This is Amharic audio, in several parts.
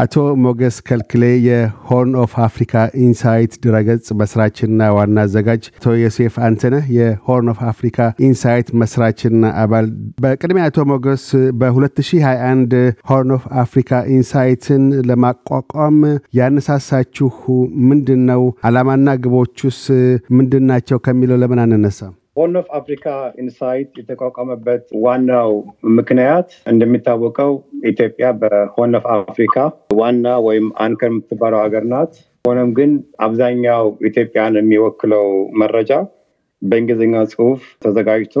አቶ ሞገስ ከልክሌ የሆርን ኦፍ አፍሪካ ኢንሳይት ድረገጽ መስራችና ዋና አዘጋጅ፣ አቶ ዮሴፍ አንተነህ የሆርን ኦፍ አፍሪካ ኢንሳይት መስራችና አባል። በቅድሚያ አቶ ሞገስ በ2021 ሆርን ኦፍ አፍሪካ ኢንሳይትን ለማቋቋም ያነሳሳችሁ ምንድን ነው? አላማና ግቦቹስ ምንድን ናቸው ከሚለው ለምን አንነሳም? ሆርን ኦፍ አፍሪካ ኢንሳይት የተቋቋመበት ዋናው ምክንያት እንደሚታወቀው ኢትዮጵያ በሆነፍ ኦፍ አፍሪካ ዋና ወይም አንከር የምትባለው ሀገር ናት። ሆኖም ግን አብዛኛው ኢትዮጵያን የሚወክለው መረጃ በእንግሊዝኛ ጽሁፍ ተዘጋጅቶ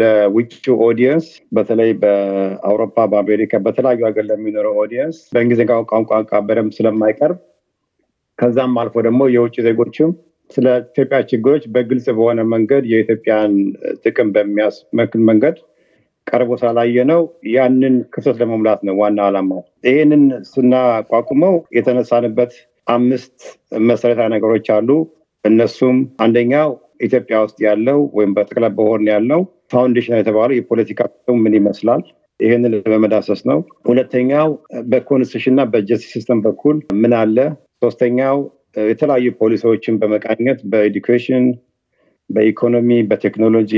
ለውጭ ኦዲየንስ በተለይ በአውሮፓ፣ በአሜሪካ በተለያዩ ሀገር ለሚኖረው ኦዲየንስ በእንግሊዝኛ ቋንቋ በደንብ ስለማይቀርብ ከዛም አልፎ ደግሞ የውጭ ዜጎችም ስለ ኢትዮጵያ ችግሮች በግልጽ በሆነ መንገድ የኢትዮጵያን ጥቅም በሚያስመክል መንገድ ቀርቦ ሳላየ ነው። ያንን ክፍተት ለመሙላት ነው ዋና ዓላማው። ይህንን ስናቋቁመው የተነሳንበት አምስት መሰረታዊ ነገሮች አሉ። እነሱም አንደኛው ኢትዮጵያ ውስጥ ያለው ወይም በጠቅላይ በሆን ያለው ፋውንዴሽን የተባለው የፖለቲካ ምን ይመስላል ይህንን ለመዳሰስ ነው። ሁለተኛው በኮንስቲቱሽን እና በጀስቲስ ሲስተም በኩል ምን አለ። ሶስተኛው የተለያዩ ፖሊሲዎችን በመቃኘት በኤዱኬሽን በኢኮኖሚ፣ በቴክኖሎጂ፣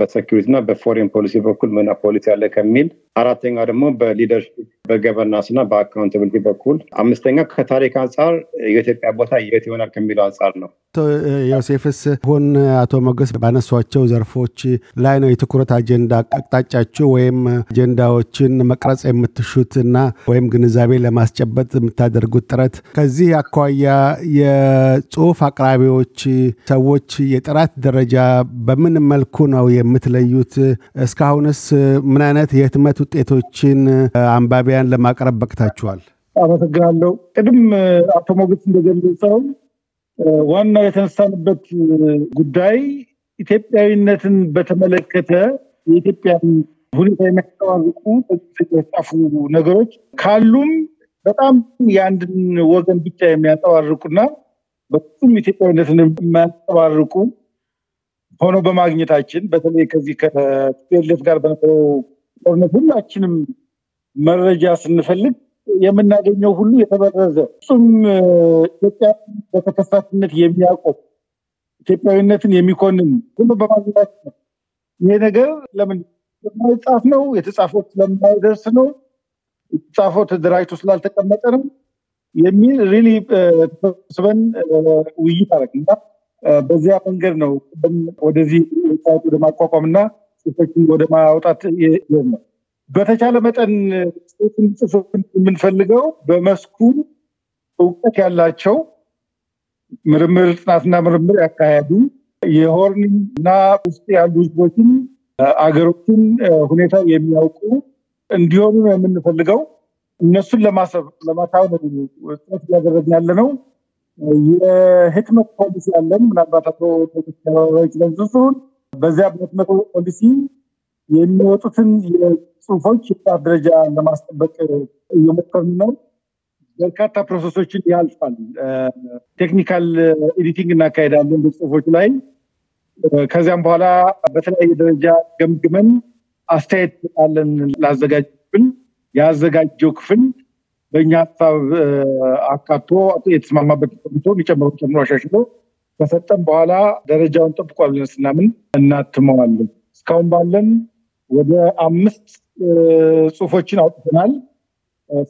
በሴኪሪቲ እና በፎሬን ፖሊሲ በኩል ምን ፖሊሲ አለ ከሚል አራተኛ ደግሞ በሊደርሽፕ በገቨርናንስ እና በአካውንታብሊቲ በኩል አምስተኛ ከታሪክ አንጻር የኢትዮጵያ ቦታ የት ይሆናል ከሚለው አንጻር ነው አቶ ዮሴፍስ ሁን አቶ መገስ ባነሷቸው ዘርፎች ላይ ነው የትኩረት አጀንዳ አቅጣጫችሁ ወይም አጀንዳዎችን መቅረጽ የምትሹት እና ወይም ግንዛቤ ለማስጨበጥ የምታደርጉት ጥረት ከዚህ አኳያ የጽሁፍ አቅራቢዎች ሰዎች የጥራት ደረጃ በምን መልኩ ነው የምትለዩት እስካሁንስ ምን አይነት የህትመት ውጤቶችን አንባቢያን ለማቅረብ በቅታችኋል። አመሰግናለሁ። ቅድም አቶ ሞገስ እንደገለጸው ዋና የተነሳንበት ጉዳይ ኢትዮጵያዊነትን በተመለከተ የኢትዮጵያን ሁኔታ የሚያንጸባርቁ የተጻፉ ነገሮች ካሉም በጣም የአንድን ወገን ብቻ የሚያንጸባርቁና በሱም ኢትዮጵያዊነትን የሚያንጸባርቁ ሆኖ በማግኘታችን በተለይ ከዚህ ከቲፒኤልኤፍ ጋር በነበረው በእውነት ሁላችንም መረጃ ስንፈልግ የምናገኘው ሁሉ የተበረዘ እሱም ኢትዮጵያ በተከሳሽነት የሚያቆም ኢትዮጵያዊነትን የሚኮንን ሁሉ በማግኘት ነው። ይሄ ነገር ለምን የማይጻፍ ነው? የተጻፈው ስለማይደርስ ነው? የተጻፈው ተደራጅቶ ስላልተቀመጠ ነው የሚል ሪሊ ተሰብስበን ውይይት አረግ እና በዚያ መንገድ ነው ወደዚህ ወደ ማቋቋም እና ጽሁፎች ወደ ማውጣት ነው። በተቻለ መጠን ጽሁፍ እንዲጽፉ የምንፈልገው በመስኩ እውቀት ያላቸው ምርምር ጥናትና ምርምር ያካሄዱ የሆርን እና ውስጥ ያሉ ህዝቦችን፣ አገሮችን ሁኔታ የሚያውቁ እንዲሆኑ ነው የምንፈልገው። እነሱን ለማሰብ ለማታው ነው ጥረት እያደረግን ያለ ነው። የህትመት ፖሊሲ ያለን ምናልባት አቶ ቴክስ ተባባሪ ስለምስሱን በዚያ በሁለት ፖሊሲ የሚወጡትን የጽሁፎች የጥራት ደረጃ ለማስጠበቅ እየሞከርን ነው። በርካታ ፕሮሰሶችን ያልፋል። ቴክኒካል ኤዲቲንግ እናካሄዳለን በጽሁፎች ላይ። ከዚያም በኋላ በተለያየ ደረጃ ገምግመን አስተያየት ጣለን ላዘጋጅ ክፍል ያዘጋጀው ክፍል በእኛ ሀሳብ አካቶ የተስማማበት ኮሚቶ የሚጨምረው ጨምሮ አሻሽሎ ከሰጠን በኋላ ደረጃውን ጠብቋ ብለን ስናምን እናትመዋለን። እስካሁን ባለን ወደ አምስት ጽሁፎችን አውጥተናል።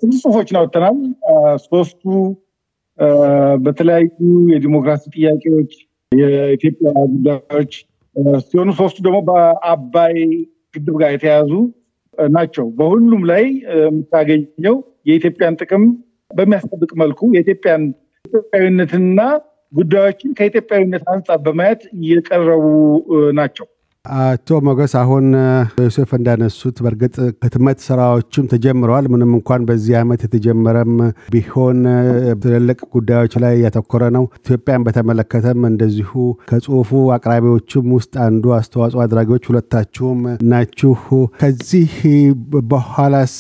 ስድስት ጽሁፎችን አውጥተናል። ሶስቱ በተለያዩ የዲሞክራሲ ጥያቄዎች፣ የኢትዮጵያ ጉዳዮች ሲሆኑ ሶስቱ ደግሞ በአባይ ግድብ ጋር የተያያዙ ናቸው። በሁሉም ላይ የምታገኘው የኢትዮጵያን ጥቅም በሚያስጠብቅ መልኩ የኢትዮጵያን ኢትዮጵያዊነትንና ጉዳዮችን ከኢትዮጵያዊነት አንጻር በማየት የቀረቡ ናቸው። አቶ ሞገስ አሁን ዮሴፍ እንዳነሱት በእርግጥ ህትመት ስራዎችም ተጀምረዋል። ምንም እንኳን በዚህ ዓመት የተጀመረም ቢሆን ትልልቅ ጉዳዮች ላይ ያተኮረ ነው። ኢትዮጵያን በተመለከተም እንደዚሁ ከጽሁፉ አቅራቢዎችም ውስጥ አንዱ አስተዋጽኦ አድራጊዎች ሁለታችሁም ናችሁ። ከዚህ በኋላስ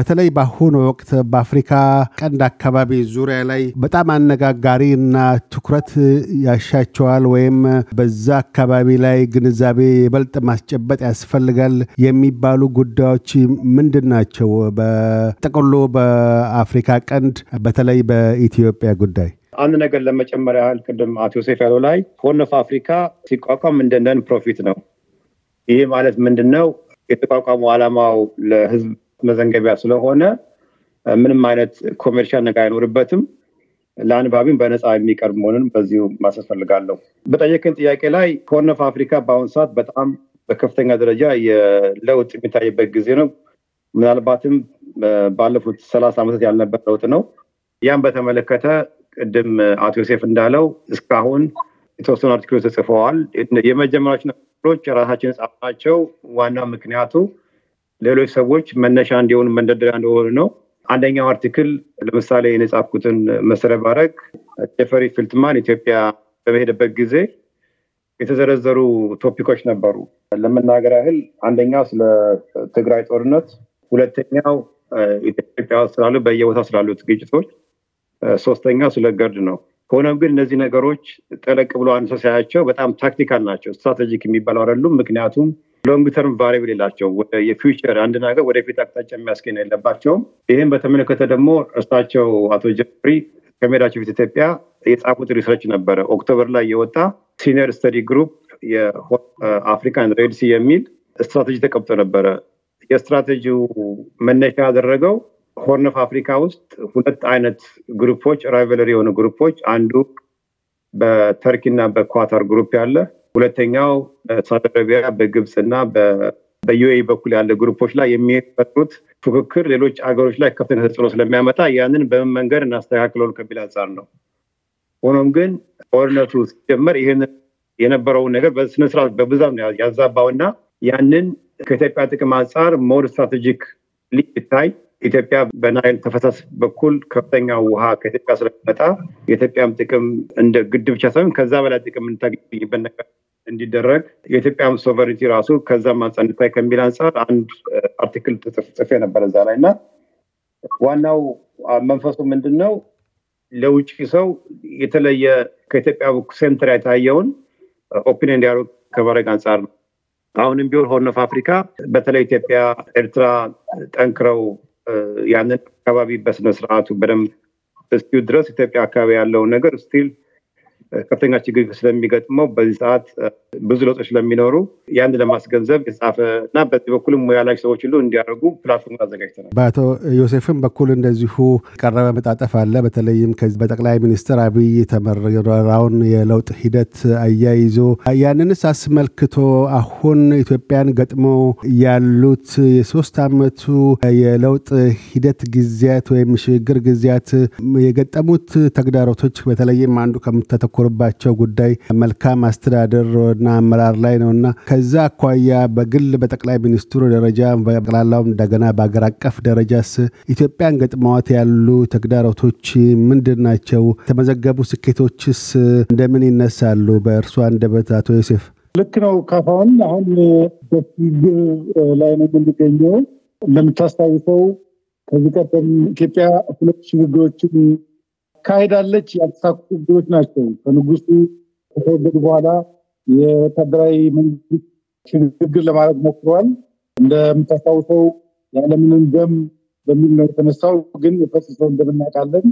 በተለይ በአሁኑ ወቅት በአፍሪካ ቀንድ አካባቢ ዙሪያ ላይ በጣም አነጋጋሪ እና ትኩረት ያሻቸዋል ወይም በዛ አካባቢ ላይ ግንዛቤ ይበልጥ ማስጨበጥ ያስፈልጋል የሚባሉ ጉዳዮች ምንድን ናቸው? በጥቅሉ በአፍሪካ ቀንድ በተለይ በኢትዮጵያ ጉዳይ አንድ ነገር ለመጨመር ያህል ቅድም አቶ ዮሴፍ ያለው ላይ ሆርን ኦፍ አፍሪካ ሲቋቋም እንደ ነን ፕሮፊት ነው። ይህ ማለት ምንድን ነው? የተቋቋሙ ዓላማው ለህዝብ መዘንገቢያ ስለሆነ ምንም አይነት ኮሜርሻል ነገር አይኖርበትም። ለአንባቢም በነፃ የሚቀርብ መሆኑንም በዚሁ ማሰት ፈልጋለሁ። በጠየቅን ጥያቄ ላይ ሆርን አፍሪካ በአሁኑ ሰዓት በጣም በከፍተኛ ደረጃ የለውጥ የሚታይበት ጊዜ ነው። ምናልባትም ባለፉት ሰላሳ ዓመታት ያልነበር ለውጥ ነው። ያም በተመለከተ ቅድም አቶ ዮሴፍ እንዳለው እስካሁን የተወሰኑ አርቲክሎች ተጽፈዋል። የመጀመሪያዎች ነገሮች የራሳችን ጻፍናቸው። ዋና ምክንያቱ ሌሎች ሰዎች መነሻ እንዲሆኑ መንደርደሪያ እንደሆኑ ነው። አንደኛው አርቲክል ለምሳሌ የነጻፍኩትን መሰረ ባረግ ጀፈሪ ፊልትማን ኢትዮጵያ በመሄደበት ጊዜ የተዘረዘሩ ቶፒኮች ነበሩ። ለመናገር ያህል አንደኛው ስለ ትግራይ ጦርነት፣ ሁለተኛው ኢትዮጵያ ስላሉ በየቦታ ስላሉት ግጭቶች፣ ሶስተኛው ስለ ገርድ ነው። ሆኖም ግን እነዚህ ነገሮች ጠለቅ ብሎ አንድ ሲያያቸው በጣም ታክቲካል ናቸው። ስትራቴጂክ የሚባለው አይደሉም። ምክንያቱም ሎንግ ተርም ቫሪብል የላቸውም። የፊውቸር አንድ ነገር ወደፊት አቅጣጫ የሚያስገኝ የለባቸውም። ይህም በተመለከተ ደግሞ እርሳቸው አቶ ጀፍሪ ከሜዳቸው ፊት ኢትዮጵያ የጻፉት ሪሰርች ነበረ ኦክቶበር ላይ የወጣ ሲኒየር ስተዲ ግሩፕ የአፍሪካን ሬድሲ የሚል ስትራቴጂ ተቀምጦ ነበረ። የስትራቴጂው መነሻ ያደረገው ሆርነፍ አፍሪካ ውስጥ ሁለት አይነት ግሩፖች ራይቨለሪ የሆኑ ግሩፖች፣ አንዱ በተርኪና በኳታር ግሩፕ ያለ ሁለተኛው ሳውዲ አረቢያ በግብፅና በዩኤ በኩል ያለ ግሩፖች ላይ የሚፈጥሩት ፉክክር ሌሎች አገሮች ላይ ከፍተኛ ተጽዕኖ ስለሚያመጣ ያንን በምን መንገድ እናስተካክለውን ከሚል አንጻር ነው። ሆኖም ግን ጦርነቱ ሲጀመር ይህን የነበረውን ነገር በስነስርዓት በብዛት ነው ያዛባውና ያንን ከኢትዮጵያ ጥቅም አንጻር ሞር ስትራቴጂክ ሊታይ ኢትዮጵያ በናይል ተፈሳስ በኩል ከፍተኛ ውሃ ከኢትዮጵያ ስለሚመጣ የኢትዮጵያም ጥቅም እንደ ግድብ ብቻ ሳይሆን ከዛ በላይ ጥቅም እንታገኝበት ነገር እንዲደረግ የኢትዮጵያም ሶቨሬንቲ ራሱ ከዛ ማጸንታይ ከሚል አንጻር አንድ uh, አርቲክል ጽፌ ነበር እዛ ላይ እና ዋናው uh, መንፈሱ ምንድን ነው ለውጭ ሰው የተለየ ከኢትዮጵያ ሴንትር ያታየውን uh, ኦፒኒን እንዲያሩ ከማድረግ አንጻር ነው። አሁንም ቢሆን ሆርን ኦፍ አፍሪካ በተለይ ኢትዮጵያ፣ ኤርትራ ጠንክረው ያንን አካባቢ በስነስርዓቱ በደንብ እስኪው ድረስ ኢትዮጵያ አካባቢ ያለውን ነገር ስቲል ከፍተኛ ችግር ስለሚገጥመው በዚህ ሰዓት ብዙ ለውጦች ስለሚኖሩ ያን ለማስገንዘብ የተጻፈ እና በዚህ በኩልም ሙያ ላይ ሰዎች ሁሉ እንዲያደርጉ ፕላትፎርም አዘጋጅተናል። በአቶ ዮሴፍም በኩል እንደዚሁ ቀረበ መጣጠፍ አለ። በተለይም በጠቅላይ ሚኒስትር አብይ የተመራውን የለውጥ ሂደት አያይዞ ያንንስ አስመልክቶ አሁን ኢትዮጵያን ገጥሞ ያሉት የሶስት አመቱ የለውጥ ሂደት ጊዜያት ወይም ሽግግር ጊዜያት የገጠሙት ተግዳሮቶች በተለይም አንዱ ከምተተኩ የሚያተኩርባቸው ጉዳይ መልካም አስተዳደር ና አመራር ላይ እና ከዛ አኳያ በግል በጠቅላይ ሚኒስትሩ ደረጃ በጠቅላላው እንደገና በሀገር አቀፍ ደረጃስ ኢትዮጵያን ገጥመዋት ያሉ ተግዳሮቶች ምንድን ናቸው? የተመዘገቡ ስኬቶችስ እንደምን ይነሳሉ? በእርሷ አንደበት አቶ ዮሴፍ። ልክ ነው ካሳሁን። አሁን በፊግ ላይ ነው የምንገኘው። እንደምታስታውሰው ከዚህ ቀደም ኢትዮጵያ ሁለት ሽግግሮችን ካሄዳለች ያልተሳኩ ጉዳዮች ናቸው። ከንጉሱ ከተወገዱ በኋላ የወታደራዊ መንግስት ሽግግር ለማድረግ ሞክረዋል። እንደምታስታውሰው ያለምንም ደም በሚል ነው የተነሳው። ግን የፈሰሰው እንደምናውቃለን።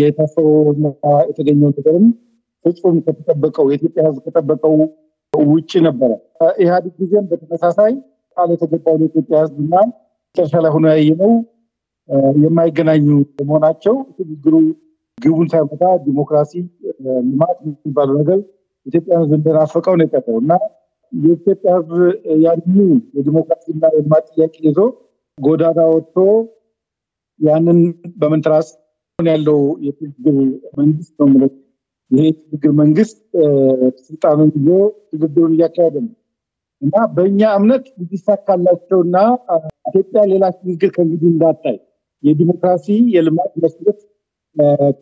የታሰበውና የተገኘው ነገርም ፍጹም ከተጠበቀው የኢትዮጵያ ሕዝብ ከጠበቀው ውጭ ነበረ። ኢህአዴግ ጊዜም በተመሳሳይ ቃል የተገባውን የኢትዮጵያ ሕዝብና መጨረሻ ላይ ሆኖ ያየነው የማይገናኙ መሆናቸው ሽግግሩ ግቡን ሳይመታ ዲሞክራሲ ልማት የሚባለው ነገር ኢትዮጵያን ሕዝብ እንደናፈቀው ነው የቀረው እና የኢትዮጵያ ህዝብ ያንን የዲሞክራሲና የልማት ጥያቄ ይዞ ጎዳና ወጥቶ ያንን በመንትራስ ያለው የትግግር መንግስት ነው ምለት ይሄ የሽግግር መንግስት ስልጣኑን ይዞ ትግግሩን እያካሄደ ነው እና በእኛ እምነት እንዲሳካላቸው እና ኢትዮጵያ ሌላ ትግግር ከእንግዲህ እንዳታይ የዲሞክራሲ የልማት መስረት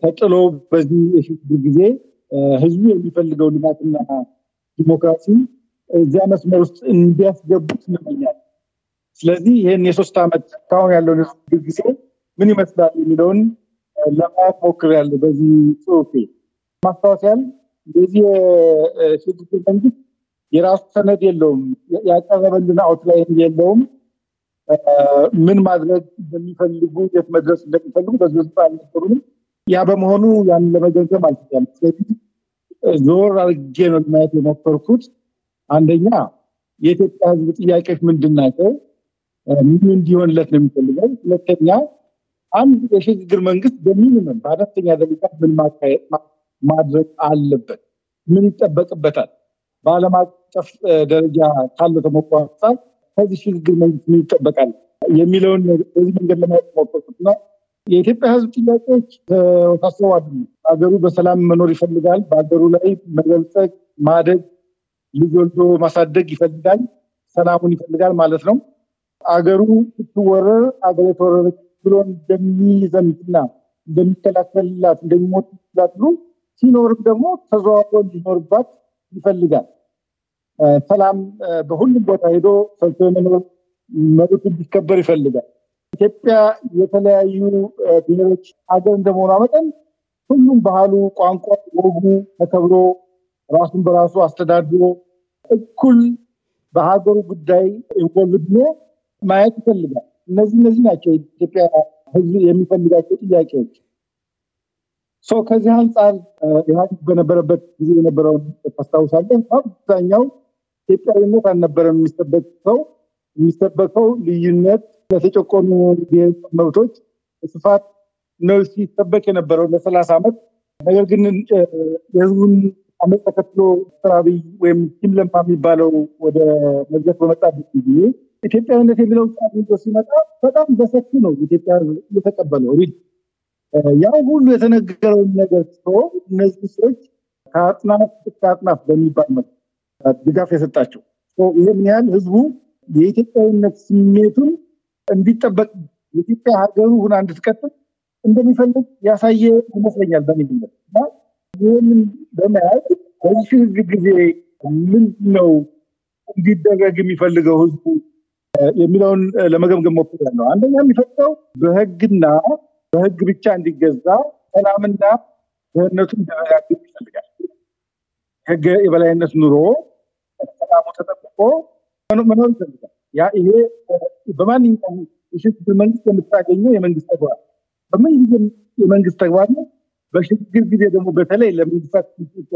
ተጥሎ በዚህ ጊዜ ህዝቡ የሚፈልገው ልማትና ዲሞክራሲ እዚያ መስመር ውስጥ እንዲያስገቡት እንመኛል። ስለዚህ ይህን የሶስት ዓመት ካሁን ያለውን የሽግግር ጊዜ ምን ይመስላል የሚለውን ለማወቅ ሞክር ያለ በዚህ ጽሁፌ ማስታወስ ያል የዚህ የሽግግር መንግስት የራሱ ሰነድ የለውም፣ ያቀረበልን አውትላይን የለውም። ምን ማድረግ እንደሚፈልጉ፣ የት መድረስ እንደሚፈልጉ በዚህ ውስጥ አልነበሩንም። ያ በመሆኑ ያን ለመገንዘብ አልችያል ስለዚህ ዞር አርጌ ነው ማየት የሞከርኩት። አንደኛ የኢትዮጵያ ህዝብ ጥያቄዎች ምንድን ናቸው? ምን እንዲሆንለት ነው የሚፈልገው? ሁለተኛ አንድ የሽግግር መንግስት በሚኒመም በአነስተኛ ደረጃ ምን ማካሄድ ማድረግ አለበት? ምን ይጠበቅበታል? በአለም አቀፍ ደረጃ ካለ ተሞክሮ አንጻር ከዚህ ሽግግር መንግስት ምን ይጠበቃል የሚለውን በዚህ መንገድ ለማየት ሞከርኩት ነው። የኢትዮጵያ ሕዝብ ጥያቄዎች ተወሳስበው አይደለም። ሀገሩ በሰላም መኖር ይፈልጋል። በሀገሩ ላይ መበልጸግ፣ ማደግ፣ ልጅ ወልዶ ማሳደግ ይፈልጋል። ሰላሙን ይፈልጋል ማለት ነው። አገሩ ስትወረር አገር የተወረረች ብሎ እንደሚዘምትና እንደሚከላከልላት እንደሚሞትላት ብሎ ሲኖርም ደግሞ ተዘዋውሮ እንዲኖርባት ይፈልጋል። ሰላም በሁሉም ቦታ ሄዶ ሰልቶ የመኖር መብት እንዲከበር ይፈልጋል። ኢትዮጵያ የተለያዩ ብሔሮች ሀገር እንደመሆኗ መጠን ሁሉም ባህሉ፣ ቋንቋ፣ ወጉ ተከብሮ ራሱን በራሱ አስተዳድሮ እኩል በሀገሩ ጉዳይ ኢንቮልቭድ ማየት ይፈልጋል። እነዚህ እነዚህ ናቸው ኢትዮጵያ ሕዝብ የሚፈልጋቸው ጥያቄዎች። ከዚህ አንጻር ኢህአዴግ በነበረበት ጊዜ የነበረውን ታስታውሳለን። አብዛኛው ኢትዮጵያዊነት አልነበረም የሚሰበከው የሚሰበከው ልዩነት ለተጨቆኑ መብቶች ስፋት ነው ሲጠበቅ የነበረው ለሰላሳ ዓመት። ነገር ግን የህዝቡን አመት ተከትሎ ዶክተር አብይ ወይም ቲም ለማ የሚባለው ወደ መግለጽ በመጣበት ጊዜ ኢትዮጵያዊነት የሚለው ቃል ሲመጣ በጣም በሰፊ ነው ኢትዮጵያ እየተቀበለው ሪድ ያው ሁሉ የተነገረውን ነገር ሲሆ እነዚህ ሰዎች ከአጥናፍ እስከ አጥናፍ በሚባል መ ድጋፍ የሰጣቸው ይህ ምን ያህል ህዝቡ የኢትዮጵያዊነት ስሜቱን እንዲጠበቅ የኢትዮጵያ ሀገሩ ሁና እንድትቀጥል እንደሚፈልግ ያሳየ ይመስለኛል። በሚልነት እና ይህንን በመያዝ በዚህ ጊዜ ምንድን ነው እንዲደረግ የሚፈልገው ህዝቡ የሚለውን ለመገምገም ሞክሬያለሁ። አንደኛ የሚፈልገው በህግና በህግ ብቻ እንዲገዛ ሰላምና ደህንነቱ እንዲረጋገጥ ይፈልጋል። ህግ የበላይነት ኑሮ ሰላሙ ተጠብቆ መኖር ይፈልጋል። ያ ይሄ በማንኛውም የሽግግር መንግስት የምታገኘው የመንግስት ተግባር በምን ጊዜ የመንግስት ተግባር ነው። በሽግግር ጊዜ ደግሞ በተለይ ለመንግስታት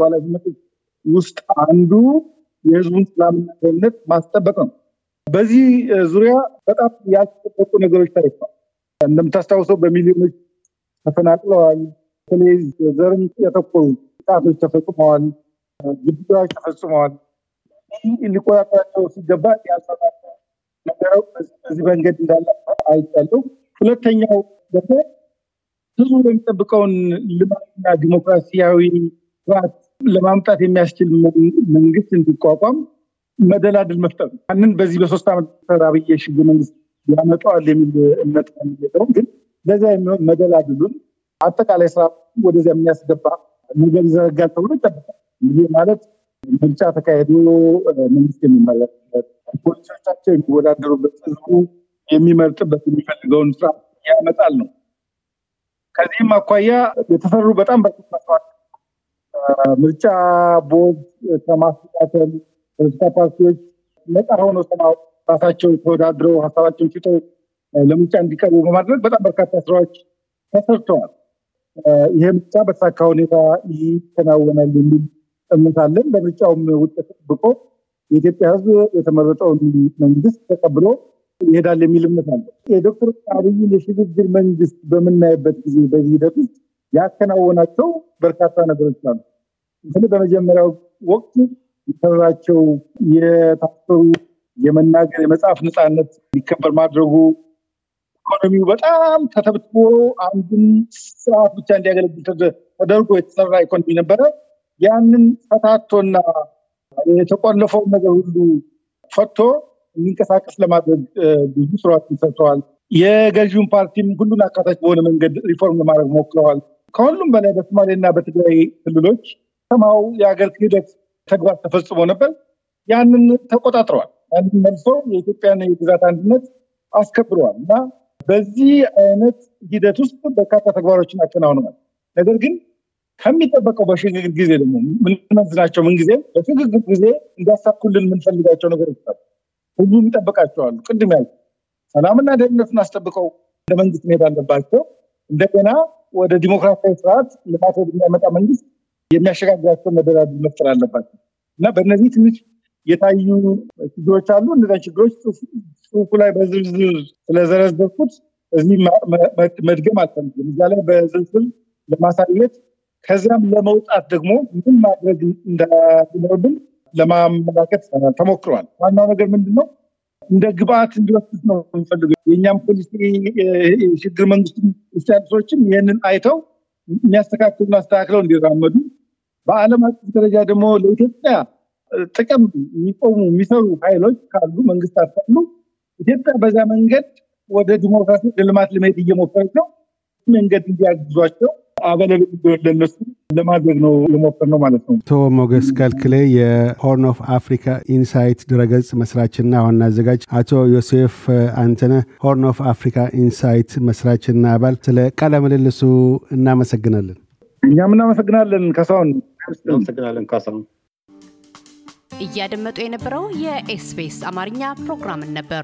ኃላፊነቶች ውስጥ አንዱ የህዝቡን ሰላምና ደህንነት ማስጠበቅ ነው። በዚህ ዙሪያ በጣም ያስጠበቁ ነገሮች ተደርጓል። እንደምታስታውሰው በሚሊዮኖች ተፈናቅለዋል። በተለይ ዘርን ያተኮሩ ጥቃቶች ተፈጽመዋል፣ ግድያዎች ተፈጽመዋል። ሊቆጣጠራቸው ሲገባ ያልሰራቸው ነገረው በዚህ መንገድ እንዳለ አይቻለሁ። ሁለተኛው ደግሞ ህዝቡ የሚጠብቀውን ልማትና ዲሞክራሲያዊ ስርዓት ለማምጣት የሚያስችል መንግስት እንዲቋቋም መደላድል መፍጠር ነው። ያንን በዚህ በሶስት ዓመት ተራብዬ ሽግ መንግስት ያመጣዋል የሚል እምነት ነው። ግን ለዛ የሚሆን መደላድሉን አጠቃላይ ስራ ወደዚያ የሚያስገባ ነገር ይዘረጋል ተብሎ ይጠበቃል። ይህ ማለት ምርጫ ተካሄዶ መንግስት የሚመረጥበት ፖሊሶቻቸው የሚወዳደሩበት ህዝቡ የሚመርጥበት የሚፈልገውን ስራ ያመጣል ነው። ከዚህም አኳያ የተሰሩ በጣም በርካታ ምርጫ ቦርድ ከማስተካከል ፖለቲካ ፓርቲዎች ነጻ ሆኖ ራሳቸው ተወዳድረው ሀሳባቸውን ሽጠው ለምርጫ እንዲቀርቡ በማድረግ በጣም በርካታ ስራዎች ተሰርተዋል። ይሄ ምርጫ በተሳካ ሁኔታ ይከናወናል የሚል እምነት አለን። በምርጫውም ውጤት ጠብቆ የኢትዮጵያ ህዝብ የተመረጠውን መንግስት ተቀብሎ ይሄዳል የሚል እምነት አለ። የዶክተር አብይን የሽግግር መንግስት በምናይበት ጊዜ በዚህ ሂደት ውስጥ ያከናወናቸው በርካታ ነገሮች አሉ። ምስል በመጀመሪያው ወቅት የሰራቸው የታሰሩ የመናገር የመጽሐፍ ነፃነት ሊከበር ማድረጉ፣ ኢኮኖሚው በጣም ተተብትቦ አንድን ስርዓት ብቻ እንዲያገለግል ተደርጎ የተሰራ ኢኮኖሚ ነበረ። ያንን ፈታቶና የተቆለፈውን ነገር ሁሉ ፈቶ የሚንቀሳቀስ ለማድረግ ብዙ ስራዎችን ሰርተዋል። የገዢውን ፓርቲም ሁሉን አካታች በሆነ መንገድ ሪፎርም ለማድረግ ሞክረዋል። ከሁሉም በላይ በሶማሌና በትግራይ ክልሎች ሰማው የሀገር ክህደት ተግባር ተፈጽሞ ነበር። ያንን ተቆጣጥረዋል። ያንን መልሶ የኢትዮጵያን የግዛት አንድነት አስከብረዋል እና በዚህ አይነት ሂደት ውስጥ በርካታ ተግባሮችን አከናውነዋል። ነገር ግን ከሚጠበቀው በሽግግር ጊዜ ደግሞ ምንመዝናቸው ምን ጊዜ በሽግግር ጊዜ እንዲያሳኩልን የምንፈልጋቸው ነገሮች አሉ። ሁሉም ይጠበቃቸዋሉ። ቅድም ያል ሰላምና ደህንነቱን አስጠብቀው እንደ መንግስት መሄድ አለባቸው። እንደገና ወደ ዲሞክራሲያዊ ስርዓት ልማት የሚያመጣ መንግስት የሚያሸጋግራቸው መደላድል መፍጠር አለባቸው እና በእነዚህ ትንሽ የታዩ ችግሮች አሉ። እነዚያን ችግሮች ጽሁፉ ላይ በዝርዝር ስለዘረዘርኩት እዚህ መድገም አልፈልግም። እዛ ላይ በዝርዝር ለማሳየት ከዚያም ለመውጣት ደግሞ ምን ማድረግ እንዳለብን ለማመላከት ተሞክሯል ዋናው ነገር ምንድነው እንደ ግብአት እንዲወስድ ነው የምፈልገ የእኛም ፖሊሲ የሽግግር መንግስት ውስጥ ይህንን አይተው የሚያስተካክሉና አስተካክለው እንዲራመዱ፣ በአለም አቀፍ ደረጃ ደግሞ ለኢትዮጵያ ጥቅም የሚቆሙ የሚሰሩ ኃይሎች ካሉ መንግስታት ካሉ ኢትዮጵያ በዚያ መንገድ ወደ ዲሞክራሲ ልማት ለመሄድ እየሞከረች ነው መንገድ እንዲያግዟቸው አበለል ለነሱ ለማድረግ ነው ነው ማለት ነው። አቶ ሞገስ ከልክሌ የሆርን ኦፍ አፍሪካ ኢንሳይት ድረገጽ መስራችና ዋና አዘጋጅ፣ አቶ ዮሴፍ አንተነ ሆርን ኦፍ አፍሪካ ኢንሳይት መስራችና አባል፣ ስለ ቃለ ምልልሱ እናመሰግናለን። እኛም እናመሰግናለን ካሳሁን። እናመሰግናለን ካሳሁን። እያደመጡ የነበረው የኤስፔስ አማርኛ ፕሮግራምን ነበር።